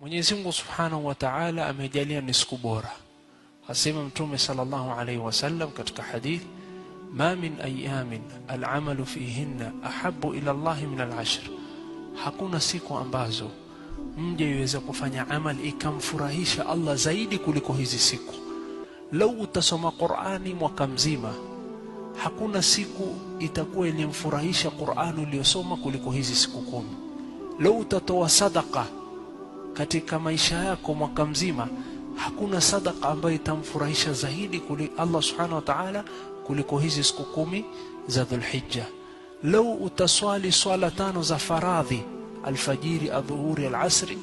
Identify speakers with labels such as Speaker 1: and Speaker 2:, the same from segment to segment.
Speaker 1: Mwenyezi Mungu Subhanahu wa Ta'ala amejalia ni siku bora. Asema Mtume sallallahu alayhi wasallam katika hadith, ma min ayamin al'amalu fihinna ahabbu ila Allah min al'ashr, hakuna siku ambazo mja iweza kufanya amali ikamfurahisha Allah zaidi kuliko hizi siku. Lau utasoma Qur'ani mwaka mzima, hakuna siku itakuwa ilimfurahisha Qur'ani uliyosoma kuliko hizi siku kumi. Lau utatoa sadaka katika maisha yako mwaka mzima, hakuna sadaka ambayo itamfurahisha zaidi kuli Allah subhanahu wa ta'ala kuliko hizi siku kumi za Dhulhijja. Lau utaswali swala tano za faradhi, alfajiri, adhuhuri, alasri,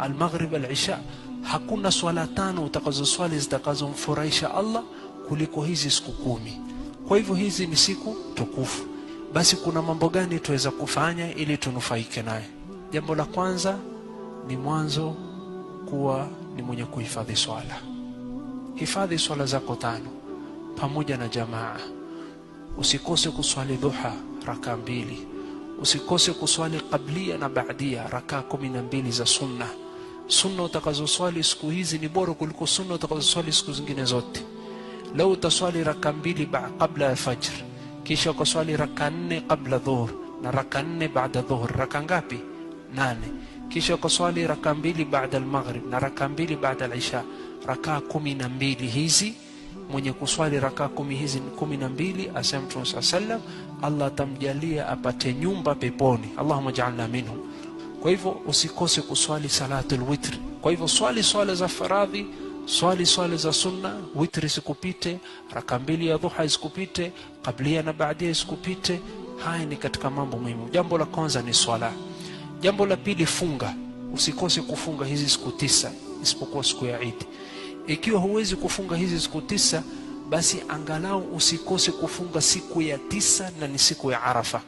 Speaker 1: almaghrib, alisha, hakuna swala tano utakazoswali zitakazomfurahisha Allah kuliko hizi siku kumi. Kwa hivyo hizi ni siku tukufu. Basi kuna mambo gani tuweza kufanya ili tunufaike naye? Jambo la kwanza ni mwanzo kuwa ni mwenye kuhifadhi swala. Hifadhi swala zako tano pamoja na jamaa. Usikose kuswali dhuha raka mbili, usikose kuswali kablia na baadia raka kumi na mbili za sunna. Sunna utakazoswali siku hizi ni bora kuliko sunna utakazoswali siku zingine zote. Lau utaswali raka mbili kabla ya fajr, kisha ukaswali raka nne kabla dhuhur na raka nne baada dhuhur, raka ngapi? Nane kisha ukaswali raka mbili baada almaghrib na raka mbili baada alisha, rakaa kumi na mbili hizi mwenye kuswali rakaa kumi hizi kumi na mbili asema Mtume saa sallam, Allah atamjalia apate nyumba peponi. Allahumma jaalna minhum. Kwa hivyo usikose kuswali salatul witri. Kwa hivyo swali swala za faradhi, swali swala za sunna, witri isikupite, raka mbili ya dhuha isikupite, kablia na baadia isikupite. Haya ni katika mambo muhimu. Jambo la kwanza ni swala. Jambo la pili, funga. Usikose kufunga hizi siku tisa isipokuwa siku ya Idi. Ikiwa huwezi kufunga hizi siku tisa, basi angalau usikose kufunga siku ya tisa, na ni siku ya Arafa.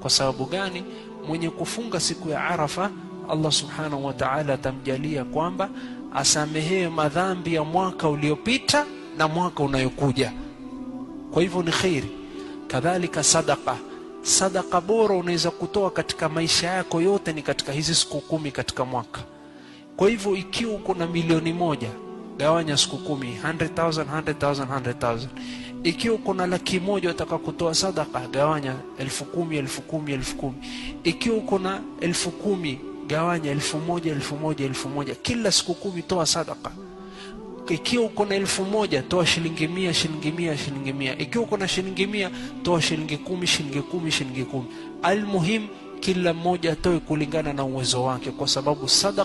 Speaker 1: Kwa sababu gani? Mwenye kufunga siku ya Arafa, Allah subhanahu wa ta'ala atamjalia kwamba asamehewe madhambi ya mwaka uliopita na mwaka unayokuja. Kwa hivyo ni kheri. Kadhalika sadaka sadaka bora unaweza kutoa katika maisha yako yote ni katika hizi siku kumi katika mwaka. Kwa hivyo ikiwa uko na milioni moja gawanya siku kumi, 100,000 100,000 100,000. Ikiwa uko na laki moja utaka kutoa sadaka, gawanya elfu kumi elfu kumi elfu kumi. Ikiwa uko na elfu kumi gawanya elfu moja elfu moja elfu moja. Kila siku kumi toa sadaka ikiwa uko na elfu moja toa shilingi mia, shilingi mia, shilingi mia. Ikiwa uko na shilingi mia, toa shilingi kumi, shilingi kumi, shilingi kumi. Almuhim, kila mmoja atoe kulingana na uwezo wake, kwa sababu sadaka